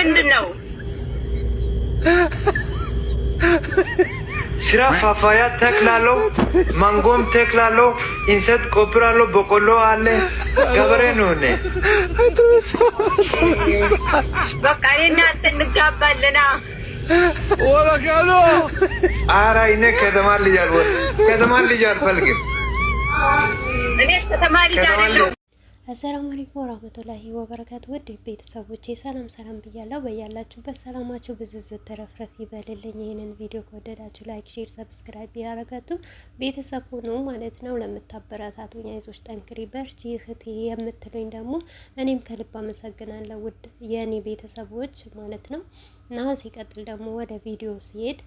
ምንድን ነው ስራ? ፓፓያ ተክላለሁ፣ ማንጎም ተክላለሁ፣ እንሰት ቆብራለሁ፣ በቆሎ አለ። ገበሬ ነው። በቃ እኔና አንተ እንጋባለና ወላካሎ ኧረ እኔ ከተማ ልጅ አልፈልግም። እኔ ከተማ ልጅ አይደለሁም። አሰላሙ አለይኩም ወራህመቱላሂ ወበረካቱ ውድ ቤተሰቦቼ ሰላም ሰላም ብያለሁ። በያላችሁበት ሰላማችሁ ብዝዝት ተረፍረፍ ይበልልኝ። ይህንን ቪዲዮ ከወደዳችሁ ላይክ፣ ሼር፣ ሰብስክራይብ ያደረጋችሁ ቤተሰብ ሁኑ ማለት ነው። ለምታበረታቱኝ አይዞች ጠንክሪ በርቺ እህቴ የምትሉኝ ደግሞ እኔም ከልብ አመሰግናለሁ። ውድ የእኔ ቤተሰቦች ማለት ነው እና ሲቀጥል ደግሞ ወደ ቪዲዮ ሲሄድ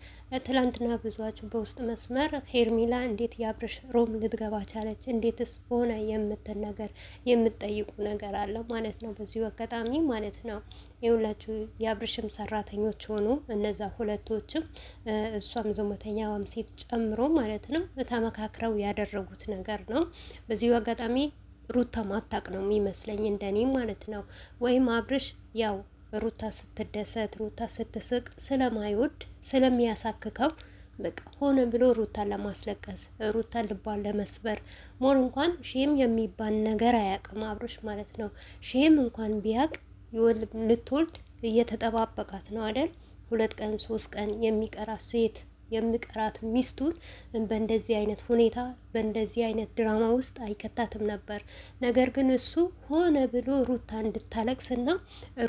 ትላንትና ብዙችሁ በውስጥ መስመር ሄርሚላ እንዴት የአብርሽ ሮም ልትገባ ቻለች? እንዴትስ ሆነ የምትል ነገር የምትጠይቁ ነገር አለ ማለት ነው። በዚሁ አጋጣሚ ማለት ነው የሁላችሁ የአብርሽም ሰራተኞች ሆኑ እነዛ ሁለቶችም እሷም ዘሞተኛዋም ሴት ጨምሮ ማለት ነው ተመካክረው ያደረጉት ነገር ነው። በዚሁ አጋጣሚ ሩታ ማታቅ ነው የሚመስለኝ እንደኔ ማለት ነው ወይም አብርሽ ያው ሩታ ስትደሰት፣ ሩታ ስትስቅ ስለማይወድ ስለሚያሳክከው በቃ ሆነ ብሎ ሩታን ለማስለቀስ ሩታን ልቧን ለመስበር ሞር እንኳን ሼም የሚባል ነገር አያውቅም አብሮሽ ማለት ነው። ሼም እንኳን ቢያውቅ ልትወልድ እየተጠባበቃት ነው አይደል? ሁለት ቀን ሶስት ቀን የሚቀራት ሴት የምቀራት ሚስቱን በእንደዚህ አይነት ሁኔታ በእንደዚህ አይነት ድራማ ውስጥ አይከታትም ነበር። ነገር ግን እሱ ሆነ ብሎ ሩታ እንድታለቅስና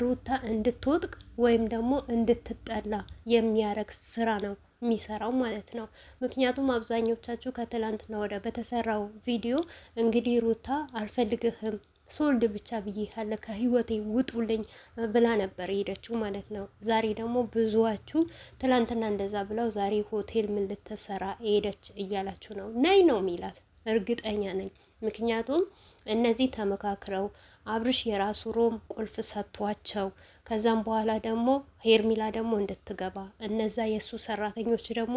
ሩታ እንድትወጥቅ ወይም ደግሞ እንድትጠላ የሚያረግ ስራ ነው የሚሰራው ማለት ነው። ምክንያቱም አብዛኞቻችሁ ከትላንትና ወደ በተሰራው ቪዲዮ እንግዲህ ሩታ አልፈልግህም ሶልድ ብቻ ብዬ ካለ ከህይወቴ ውጡልኝ ብላ ነበር ሄደችው ማለት ነው። ዛሬ ደግሞ ብዙዋችሁ ትላንትና እንደዛ ብለው ዛሬ ሆቴል ምን ልትሰራ ሄደች እያላችሁ ነው። ነይ ነው የሚላት እርግጠኛ ነኝ። ምክንያቱም እነዚህ ተመካክረው አብርሽ የራሱ ሮም ቁልፍ ሰጥቷቸው ከዛም በኋላ ደግሞ ሄርሚላ ደግሞ እንድትገባ እነዛ የእሱ ሰራተኞች ደግሞ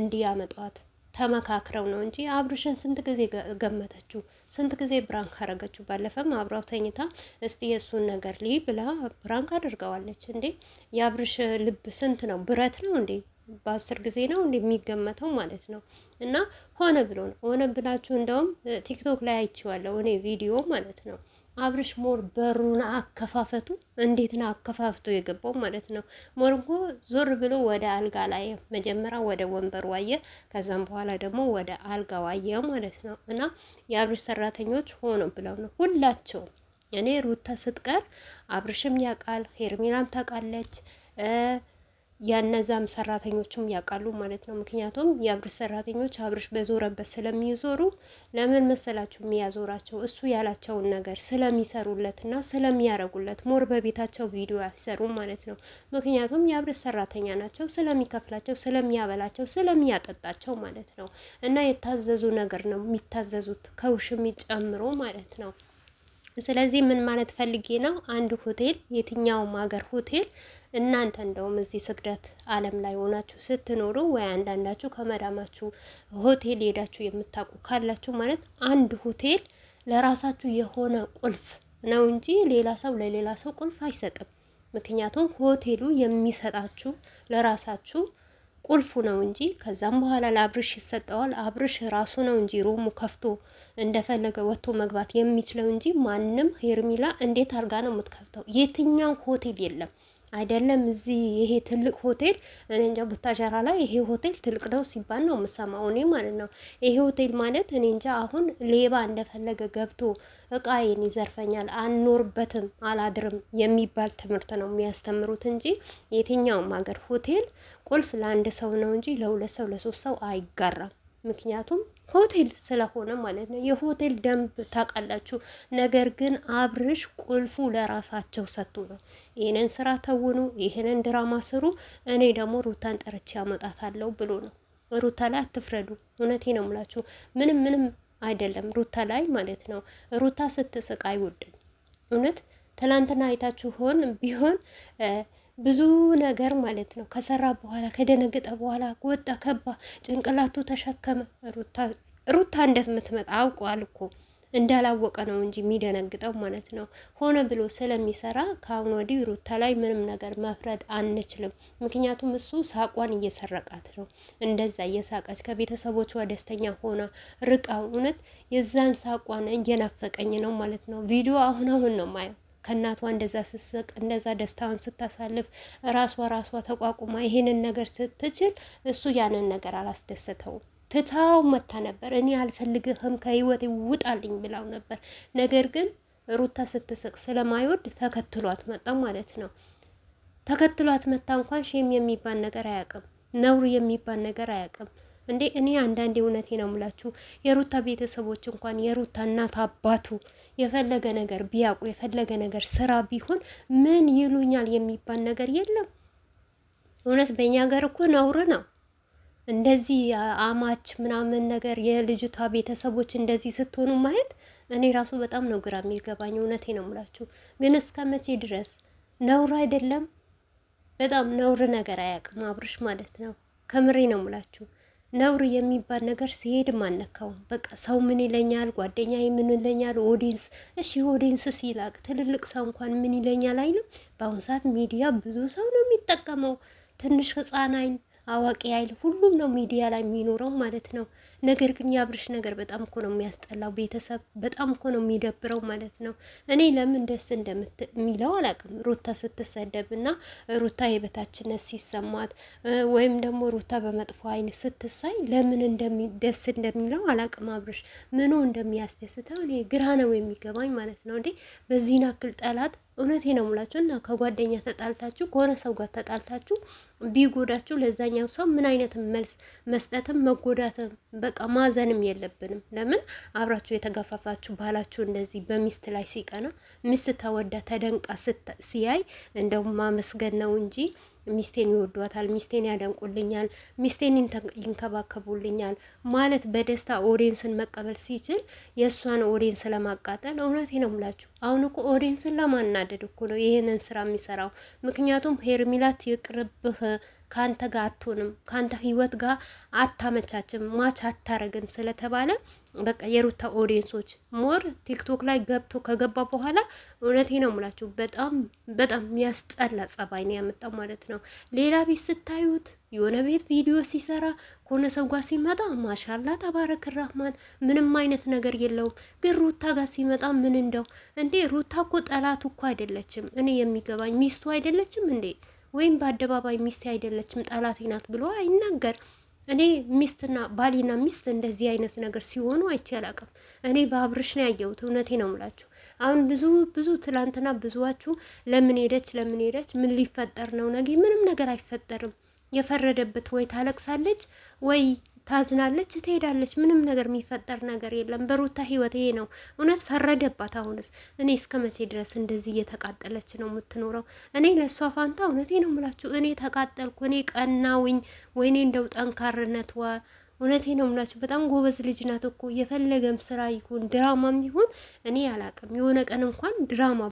እንዲያመጧት ተመካክረው ነው እንጂ አብርሽን ስንት ጊዜ ገመተችው? ስንት ጊዜ ብራንክ አረገችው? ባለፈም አብራው ተኝታ እስቲ የእሱን ነገር ልይ ብላ ብራንክ አድርገዋለች። እንዴ የአብርሽ ልብ ስንት ነው? ብረት ነው እንዴ? በአስር ጊዜ ነው የሚገመተው ማለት ነው። እና ሆነ ብሎ ነው ሆነ ብላችሁ እንደውም ቲክቶክ ላይ አይቼዋለሁ እኔ ቪዲዮ ማለት ነው አብርሽ ሞር በሩን አከፋፈቱ እንዴት ነው አከፋፍቶ የገባው ማለት ነው። ሞር እኮ ዞር ብሎ ወደ አልጋ ላይ መጀመሪያ ወደ ወንበር ዋየ፣ ከዛም በኋላ ደግሞ ወደ አልጋ ዋየ ማለት ነው። እና የአብርሽ ሰራተኞች ሆኖ ብለው ነው ሁላቸውም። እኔ ሩታ ስትቀር አብርሽም ያውቃል፣ ሄርሜላም ታውቃለች። ያነዛም ሰራተኞችም ያውቃሉ ማለት ነው። ምክንያቱም የአብርሽ ሰራተኞች አብርሽ በዞረበት ስለሚዞሩ ለምን መሰላችሁ የሚያዞራቸው እሱ ያላቸውን ነገር ስለሚሰሩለትና ስለሚያረጉለት ሞር በቤታቸው ቪዲዮ ያሰሩ ማለት ነው። ምክንያቱም የአብርሽ ሰራተኛ ናቸው ስለሚከፍላቸው፣ ስለሚያበላቸው፣ ስለሚያጠጣቸው ማለት ነው። እና የታዘዙ ነገር ነው የሚታዘዙት ከውሽ ጨምሮ ማለት ነው። ስለዚህ ምን ማለት ፈልጌ ነው? አንድ ሆቴል፣ የትኛውም ሀገር ሆቴል እናንተ እንደውም እዚህ ስግደት ዓለም ላይ ሆናችሁ ስትኖሩ ወይ አንዳንዳችሁ ከመዳማችሁ ሆቴል ሄዳችሁ የምታውቁ ካላችሁ ማለት አንድ ሆቴል ለራሳችሁ የሆነ ቁልፍ ነው እንጂ ሌላ ሰው ለሌላ ሰው ቁልፍ አይሰጥም። ምክንያቱም ሆቴሉ የሚሰጣችሁ ለራሳችሁ ቁልፉ ነው እንጂ ከዛም በኋላ ለአብርሽ ይሰጠዋል። አብርሽ ራሱ ነው እንጂ ሮሙ ከፍቶ እንደፈለገ ወጥቶ መግባት የሚችለው እንጂ ማንም ሄርሚላ እንዴት አድርጋ ነው የምትከፍተው? የትኛው ሆቴል የለም አይደለም እዚህ ይሄ ትልቅ ሆቴል እኔ እንጃ ቡታጀራ ላይ ይሄ ሆቴል ትልቅ ነው ሲባል ነው የምሰማው እኔ ማለት ነው። ይሄ ሆቴል ማለት እኔ እንጃ አሁን ሌባ እንደፈለገ ገብቶ እቃዬን ይዘርፈኛል፣ አንኖርበትም፣ አላድርም የሚባል ትምህርት ነው የሚያስተምሩት እንጂ የትኛውም ሀገር ሆቴል ቁልፍ ለአንድ ሰው ነው እንጂ ለሁለት ሰው ለሶስት ሰው አይጋራም። ምክንያቱም ሆቴል ስለሆነ ማለት ነው። የሆቴል ደንብ ታውቃላችሁ። ነገር ግን አብርሽ ቁልፉ ለራሳቸው ሰጡ ነው። ይህንን ስራ ተውኑ፣ ይህንን ድራማ ስሩ፣ እኔ ደግሞ ሩታን ጠርቼ አመጣታለሁ ብሎ ነው። ሩታ ላይ አትፍረዱ። እውነቴ ነው የምላችሁ። ምንም ምንም አይደለም ሩታ ላይ ማለት ነው። ሩታ ስትስቅ አይወድም። እውነት ትላንትና አይታችሁ ሆን ቢሆን ብዙ ነገር ማለት ነው ከሰራ በኋላ ከደነገጠ በኋላ ወጣ ከባ ጭንቅላቱ ተሸከመ። ሩታ እንደምትመጣ አውቋል እኮ እንዳላወቀ ነው እንጂ የሚደነግጠው ማለት ነው። ሆነ ብሎ ስለሚሰራ ከአሁን ወዲህ ሩታ ላይ ምንም ነገር መፍረድ አንችልም። ምክንያቱም እሱ ሳቋን እየሰረቃት ነው። እንደዛ እየሳቀች ከቤተሰቦቿ ደስተኛ ሆነ ርቃ፣ እውነት የዛን ሳቋን እየናፈቀኝ ነው ማለት ነው። ቪዲዮ አሁን አሁን ነው ማየው ከእናቷ እንደዛ ስትስቅ እንደዛ ደስታውን ስታሳልፍ ራሷ ራሷ ተቋቁማ ይሄንን ነገር ስትችል እሱ ያንን ነገር አላስደሰተውም። ትታው መታ ነበር። እኔ አልፈልግህም ከህይወቴ ውጣልኝ ብላው ነበር። ነገር ግን ሩታ ስትስቅ ስለማይወድ ተከትሏት መጣ ማለት ነው። ተከትሏት መታ እንኳን ሼም የሚባል ነገር አያውቅም፣ ነውር የሚባል ነገር አያውቅም። እንዴ እኔ አንዳንዴ እውነቴ ነው የምላችሁ የሩታ ቤተሰቦች እንኳን የሩታ እናት አባቱ የፈለገ ነገር ቢያውቁ የፈለገ ነገር ስራ ቢሆን ምን ይሉኛል የሚባል ነገር የለም። እውነት በእኛ ሀገር እኮ ነውር ነው እንደዚህ አማች ምናምን ነገር የልጅቷ ቤተሰቦች እንደዚህ ስትሆኑ ማየት እኔ ራሱ በጣም ነው ግራ የሚገባኝ። እውነቴ ነው የምላችሁ ግን እስከ መቼ ድረስ ነውር አይደለም? በጣም ነውር ነገር አያውቅም አብርሽ ማለት ነው። ከምሬ ነው የምላችሁ ነውር የሚባል ነገር ሲሄድም አነካውም። በቃ ሰው ምን ይለኛል፣ ጓደኛ ምን ይለኛል፣ ኦዲንስ እሺ፣ ኦዲንስ ሲላቅ ትልልቅ ሰው እንኳን ምን ይለኛል አይልም። በአሁኑ ሰዓት ሚዲያ ብዙ ሰው ነው የሚጠቀመው። ትንሽ ህፃን አይን አዋቂ አይል ሁሉም ነው ሚዲያ ላይ የሚኖረው ማለት ነው። ነገር ግን የአብርሽ ነገር በጣም እኮ ነው የሚያስጠላው፣ ቤተሰብ በጣም እኮ ነው የሚደብረው ማለት ነው። እኔ ለምን ደስ እንደሚለው አላውቅም። ሩታ ስትሰደብ እና ሩታ የበታችነት ሲሰማት ወይም ደግሞ ሩታ በመጥፎ አይን ስትሳይ ለምን ደስ እንደሚለው አላውቅም። አብርሽ ምኑ እንደሚያስደስተው እኔ ግራ ነው የሚገባኝ ማለት ነው። እንዴ በዚህን አክል ጠላት እውነቴ ነው ሙላችሁ እና ከጓደኛ ተጣልታችሁ ከሆነ ሰው ጋር ተጣልታችሁ ቢጎዳችሁ ለዛኛው ሰው ምን አይነት መልስ መስጠትም መጎዳትም በቃ ማዘንም የለብንም። ለምን አብራችሁ የተጋፋፋችሁ ባህላችሁ እንደዚህ በሚስት ላይ ሲቀና ሚስት ተወዳ ተደንቃ ሲያይ እንደው ማመስገን ነው እንጂ ሚስቴን ይወዷታል፣ ሚስቴን ያደንቁልኛል፣ ሚስቴን ይንከባከቡልኛል ማለት በደስታ ኦዲንስን መቀበል ሲችል የእሷን ኦዲንስ ለማቃጠል እውነቴ ነው ምላችሁ። አሁን እኮ ኦዲንስን ለማናደድ እኮ ነው ይህንን ስራ የሚሰራው። ምክንያቱም ሄርሚላት ይቅርብህ ከአንተ ጋር አትሆንም፣ ከአንተ ህይወት ጋር አታመቻችም፣ ማች አታረግም ስለተባለ በቃ የሩታ ኦዲየንሶች ሞር ቲክቶክ ላይ ገብቶ ከገባ በኋላ እውነቴ ነው ሙላችሁ በጣም በጣም ያስጠላ ጸባይ ነው ያመጣው ማለት ነው። ሌላ ቤት ስታዩት የሆነ ቤት ቪዲዮ ሲሰራ ከሆነ ሰው ጋር ሲመጣ ማሻላ ተባረክ ራህማን ምንም አይነት ነገር የለውም። ግን ሩታ ጋር ሲመጣ ምን እንደው እንዴ ሩታ እኮ ጠላቱ እኮ አይደለችም። እኔ የሚገባኝ ሚስቱ አይደለችም እንዴ ወይም በአደባባይ ሚስቴ አይደለችም ጠላቴ ናት ብሎ አይናገር። እኔ ሚስትና ባሊና ሚስት እንደዚህ አይነት ነገር ሲሆኑ አይቼ እኔ በአብርሽ ነው ያየሁት። እውነቴ ነው ምላችሁ አሁን ብዙ ብዙ ትላንትና ብዙዋችሁ ለምን ሄደች ለምን ሄደች፣ ምን ሊፈጠር ነው ነገ? ምንም ነገር አይፈጠርም። የፈረደበት ወይ ታለቅሳለች ወይ ታዝናለች፣ ትሄዳለች። ምንም ነገር የሚፈጠር ነገር የለም። በሩታ ህይወት ይሄ ነው። እውነት ፈረደባት። አሁንስ እኔ እስከ መቼ ድረስ እንደዚህ እየተቃጠለች ነው የምትኖረው? እኔ ለእሷ ፋንታ እውነቴ ነው ምላችሁ እኔ ተቃጠልኩ፣ እኔ ቀናውኝ፣ ወይኔ እንደው ጠንካርነትዋ እውነቴ ነው ምላችሁ። በጣም ጎበዝ ልጅ ናት እኮ የፈለገም ስራ ይሁን ድራማም ይሁን እኔ አላቅም የሆነ ቀን እንኳን ድራማ